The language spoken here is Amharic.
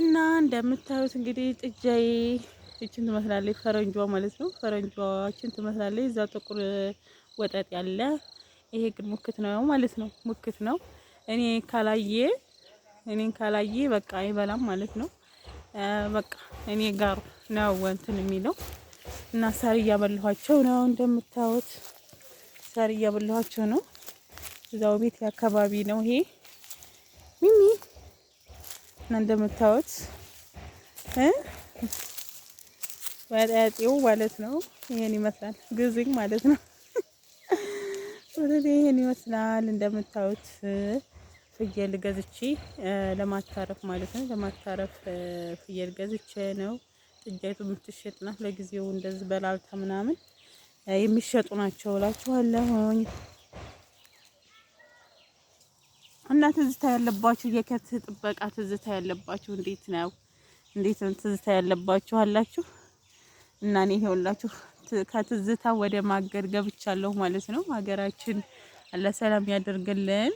እና እንደምታዩት እንግዲህ ጥጃዬ እችን ትመስላለች፣ ፈረንጇ ማለት ነው። ፈረንጇችን ትመስላለች። እዛ ጥቁር ወጠጥ ያለ ይሄ ግን ሙክት ነው ማለት ነው። ሙክት ነው። እኔ ካላየ እኔን ካላየ በቃ አይበላም ማለት ነው። በቃ እኔ ጋር ነው እንትን የሚለው እና ሳር እያበላኋቸው ነው። እንደምታዩት ሳር እያበላኋቸው ነው። እዛው ቤት አካባቢ ነው ይሄ ሚሚ እና እ ባጣጤው ማለት ነው ይሄን ይመስላል። ግዝኝ ማለት ነው ወደዚህ ይሄን ይመስላል። እንደምታዩት ፍየል ገዝቼ ለማታረፍ ማለት ነው ለማታረፍ ፍየል ገዝቼ ነው። ጥጃይቱ የምትሸጥ ናት። ለጊዜው እንደዚህ በላልታ ምናምን የሚሸጡ ናቸው እላችኋለሁ። እና ትዝታ ያለባችሁ የከት ጥበቃ ትዝታ ያለባችሁ እንዴት ነው? እንዴት ነው ትዝታ ያለባችሁ አላችሁ? እና እኔ ይሄውላችሁ ከትዝታ ወደ ማገድ ገብቻለሁ ማለት ነው። ሀገራችን አላህ ሰላም ያደርግልን።